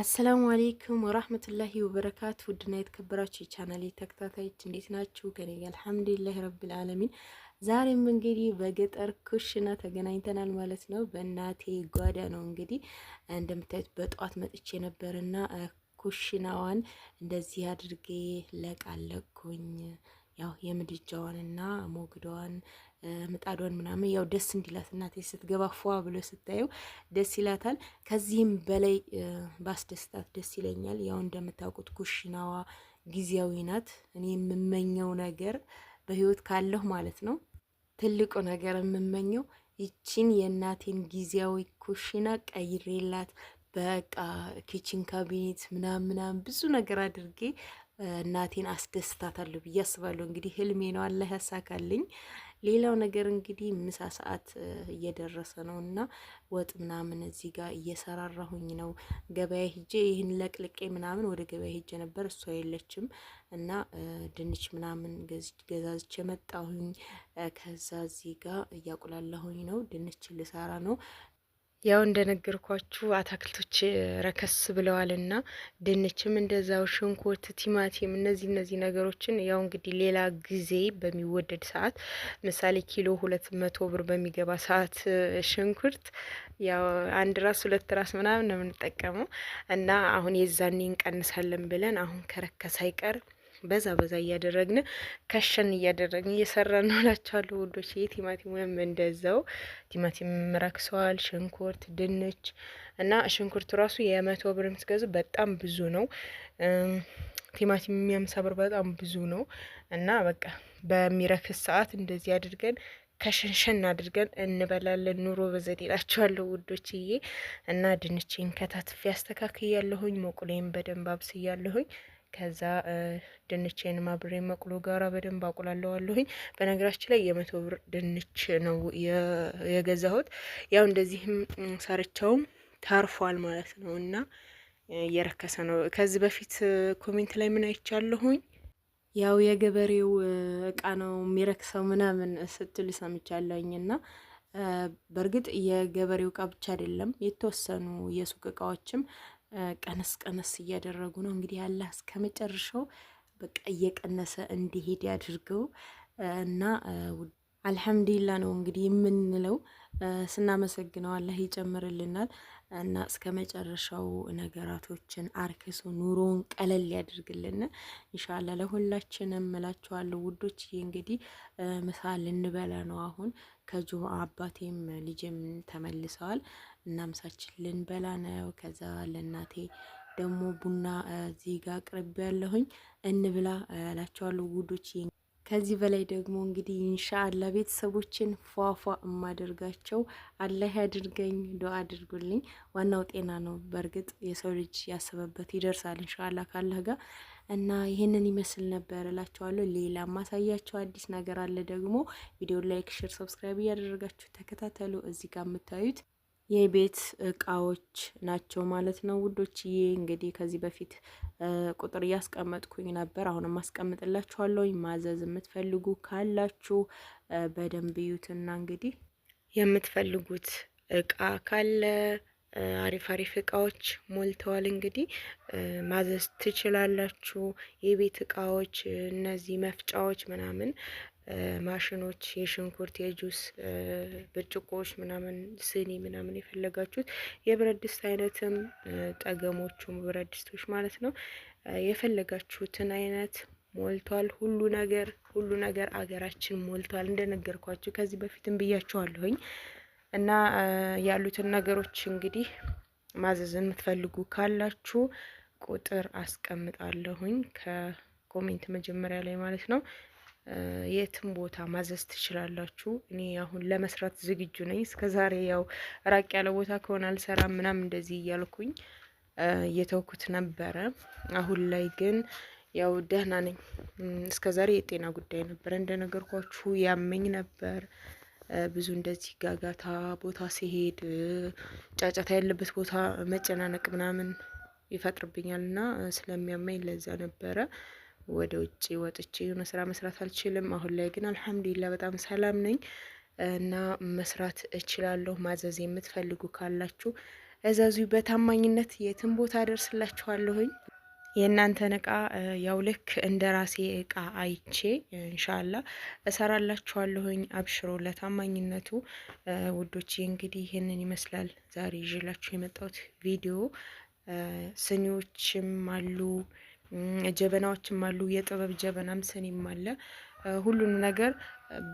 አሰላሙ አሌይኩም ወራህመቱላሂ ወበረካቱ ውድና የተከበራችሁ የቻናሌ ተከታታዮች እንዴት ናችሁ? ከኔ አልሐምዱሊላህ ረብል ዓለሚን። ዛሬም እንግዲህ በገጠር ኩሽና ተገናኝተናል ማለት ነው። በእናቴ ጓዳ ነው እንግዲህ እንደምታዩት በጠዋት መጥቼ ነበርና ኩሽናዋን እንደዚህ አድርጌ ለቃለኩኝ። ያው የምድጃዋንና ሞግዷን ምጣዷን ምናምን ያው ደስ እንዲላት እናቴ ስትገባ ፏ ብሎ ስታየው ደስ ይላታል። ከዚህም በላይ ባስደስታት ደስ ይለኛል። ያው እንደምታውቁት ኩሽናዋ ጊዜያዊ ናት። እኔ የምመኘው ነገር በህይወት ካለሁ ማለት ነው ትልቁ ነገር የምመኘው ይችን የእናቴን ጊዜያዊ ኩሽና ቀይሬላት በቃ ኪችን ካቢኔት ምናምን ምናምን ብዙ ነገር አድርጌ እናቴን አስደስታታለሁ ብዬ አስባለሁ። እንግዲህ ህልሜ ነው፣ አላህ ያሳካልኝ። ሌላው ነገር እንግዲህ ምሳ ሰዓት እየደረሰ ነው እና ወጥ ምናምን እዚህ ጋር እየሰራራሁኝ ነው። ገበያ ሂጄ ይህን ለቅልቄ ምናምን ወደ ገበያ ሂጄ ነበር፣ እሷ የለችም እና ድንች ምናምን ገዛዝቼ መጣሁኝ። ከዛ እዚህ ጋር እያቁላላሁኝ ነው፣ ድንች ልሰራ ነው። ያው እንደነገርኳችሁ አታክልቶች ረከስ ብለዋልና ድንችም እንደዛው፣ ሽንኩርት፣ ቲማቲም እነዚህ እነዚህ ነገሮችን ያው እንግዲህ ሌላ ጊዜ በሚወደድ ሰዓት ምሳሌ ኪሎ ሁለት መቶ ብር በሚገባ ሰዓት ሽንኩርት ያው አንድ ራስ ሁለት ራስ ምናምን ነው የምንጠቀመው እና አሁን የዛኔ እንቀንሳለን ብለን አሁን ከረከስ አይቀር በዛ በዛ እያደረግን ከሸን እያደረግን እየሰራን ነው እላችኋለሁ ውዶች። ቲማቲሙንም እንደዛው ቲማቲም ረክሰዋል። ሽንኩርት፣ ድንች እና ሽንኩርቱ ራሱ የመቶ ብር የምትገዙ በጣም ብዙ ነው። ቲማቲም የሚያምሳ ብር በጣም ብዙ ነው እና በቃ በሚረክስ ሰዓት እንደዚህ አድርገን ከሸንሸን አድርገን እንበላለን። ኑሮ በዘዴ እላችኋለሁ ውዶችዬ እና ድንቼን ከታትፌ አስተካክያለሁኝ። መቁሌን በደንብ አብስያለሁኝ። ከዛ ድንቼን ማብሬ መቁሎ ጋራ በደንብ አቁላለዋለሁኝ። በነገራችን ላይ የመቶ ብር ድንች ነው የገዛሁት። ያው እንደዚህም ሰርቸውም ታርፏል ማለት ነው እና እየረከሰ ነው። ከዚህ በፊት ኮሜንት ላይ ምን አይቻለሁኝ ያው የገበሬው እቃ ነው የሚረክሰው ምናምን ስትል ሰምቻለኝ እና በእርግጥ የገበሬው እቃ ብቻ አይደለም የተወሰኑ የሱቅ እቃዎችም ቀነስ ቀነስ እያደረጉ ነው። እንግዲህ አላህ እስከ መጨረሻው በቃ እየቀነሰ እንዲሄድ ያድርገው እና አልሐምዱሊላ ነው እንግዲህ የምንለው ስናመሰግነው አላህ ይጨምርልናል እና እስከ መጨረሻው ነገራቶችን አርክሶ ኑሮውን ቀለል ያድርግልን ኢንሻአላህ። ለሁላችንም እላችኋለሁ ውዶች። እንግዲህ ምሳ ልንበላ ነው አሁን ከጁ አባቴም ልጅም ተመልሰዋል። እና ምሳችን ልንበላ ነው። ከዛ ለእናቴ ደግሞ ቡና እዚህ ጋር ቅርብ ያለሁኝ እንብላ እላቸዋለሁ ውዶች። ከዚህ በላይ ደግሞ እንግዲህ ኢንሻአላ ቤተሰቦችን ፏፏ የማደርጋቸው አላህ ያድርገኝ። ዱአ አድርጉልኝ። ዋናው ጤና ነው። በእርግጥ የሰው ልጅ ያሰበበት ይደርሳል ኢንሻአላ ካላህ ጋር እና ይህንን ይመስል ነበር እላችኋለሁ። ሌላ ማሳያቸው አዲስ ነገር አለ ደግሞ ቪዲዮ ላይክ፣ ሼር፣ ሰብስክራይብ እያደረጋችሁ ተከታተሉ። እዚህ ጋር የምታዩት የቤት እቃዎች ናቸው ማለት ነው ውዶችዬ። እንግዲህ ከዚህ በፊት ቁጥር እያስቀመጥኩኝ ነበር፣ አሁንም አስቀምጥላችኋለሁ። ማዘዝ የምትፈልጉ ካላችሁ በደንብ እዩትና እንግዲህ የምትፈልጉት እቃ ካለ አሪፍ አሪፍ እቃዎች ሞልተዋል። እንግዲህ ማዘዝ ትችላላችሁ። የቤት እቃዎች እነዚህ መፍጫዎች ምናምን ማሽኖች የሽንኩርት የጁስ ብርጭቆዎች ምናምን ስኒ ምናምን የፈለጋችሁት የብረት ድስት አይነትም ጠገሞቹም ብረት ድስቶች ማለት ነው። የፈለጋችሁትን አይነት ሞልቷል። ሁሉ ነገር ሁሉ ነገር አገራችን ሞልቷል። እንደነገርኳችሁ ከዚህ በፊትም ብያችኋለሁኝ እና ያሉትን ነገሮች እንግዲህ ማዘዝ የምትፈልጉ ካላችሁ ቁጥር አስቀምጣለሁኝ ከኮሜንት መጀመሪያ ላይ ማለት ነው። የትም ቦታ ማዘዝ ትችላላችሁ። እኔ አሁን ለመስራት ዝግጁ ነኝ። እስከ ዛሬ ያው ራቅ ያለ ቦታ ከሆነ አልሰራም ምናምን እንደዚህ እያልኩኝ እየተውኩት ነበረ። አሁን ላይ ግን ያው ደህና ነኝ። እስከ ዛሬ የጤና ጉዳይ ነበረ እንደነገርኳችሁ፣ ያመኝ ነበር ብዙ እንደዚህ ጋጋታ ቦታ ሲሄድ ጫጫታ ያለበት ቦታ መጨናነቅ ምናምን ይፈጥርብኛል እና ስለሚያመኝ ለዛ ነበረ ወደ ውጭ ወጥቼ የሆነ ስራ መስራት አልችልም። አሁን ላይ ግን አልሐምዱሊላ በጣም ሰላም ነኝ እና መስራት እችላለሁ። ማዘዝ የምትፈልጉ ካላችሁ እዛዙ በታማኝነት የትም ቦታ አደርስላችኋለሁኝ። የእናንተን እቃ ያው ልክ እንደ ራሴ እቃ አይቼ እንሻላ እሰራላችኋለሁኝ። አብሽሮ ለታማኝነቱ ውዶች፣ እንግዲህ ይህንን ይመስላል ዛሬ ይዤላችሁ የመጣሁት ቪዲዮ። ስኒዎችም አሉ ጀበናዎችም አሉ። የጥበብ ጀበናም ስኒም አለ። ሁሉንም ነገር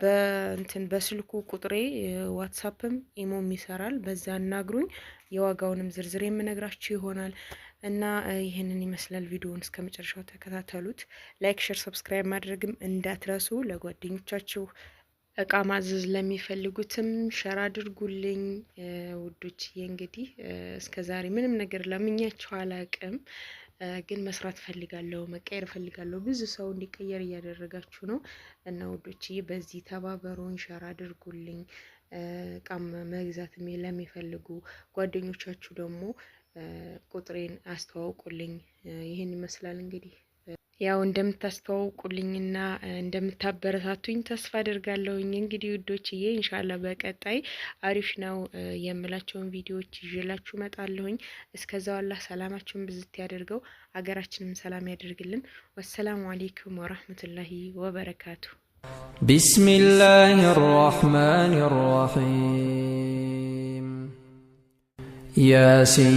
በእንትን በስልኩ ቁጥሬ ዋትሳፕም ኢሞም ይሰራል። በዛ እናግሩኝ። የዋጋውንም ዝርዝር የምነግራችሁ ይሆናል እና ይህንን ይመስላል። ቪዲዮውን እስከ መጨረሻው ተከታተሉት። ላይክ፣ ሸር፣ ሰብስክራይብ ማድረግም እንዳትረሱ። ለጓደኞቻችሁ እቃ ማዘዝ ለሚፈልጉትም ሸር አድርጉልኝ ውዶችዬ። እንግዲህ እስከዛሬ ምንም ነገር ለምኛችሁ አላቅም። ግን መስራት ፈልጋለሁ፣ መቀየር ፈልጋለሁ። ብዙ ሰው እንዲቀየር እያደረጋችሁ ነው እና ውዶችዬ በዚህ ተባበሩን፣ ሸር አድርጉልኝ። እቃም መግዛት ለሚፈልጉ ጓደኞቻችሁ ደግሞ ቁጥሬን አስተዋውቁልኝ። ይህን ይመስላል እንግዲህ ያው እንደምታስተዋውቁልኝና እንደምታበረታቱኝ ተስፋ አድርጋለሁኝ። እንግዲህ ውዶችዬ ኢንሻላ በቀጣይ አሪፍ ነው የምላቸውን ቪዲዮዎች ይዤላችሁ እመጣለሁኝ። እስከዛው አላህ ሰላማችሁን ብዝት ያደርገው፣ አገራችንም ሰላም ያደርግልን። ወሰላሙ አሌይኩም ወራህመቱላሂ ወበረካቱ። ቢስሚላህ ራህማን ራሒም ያሲን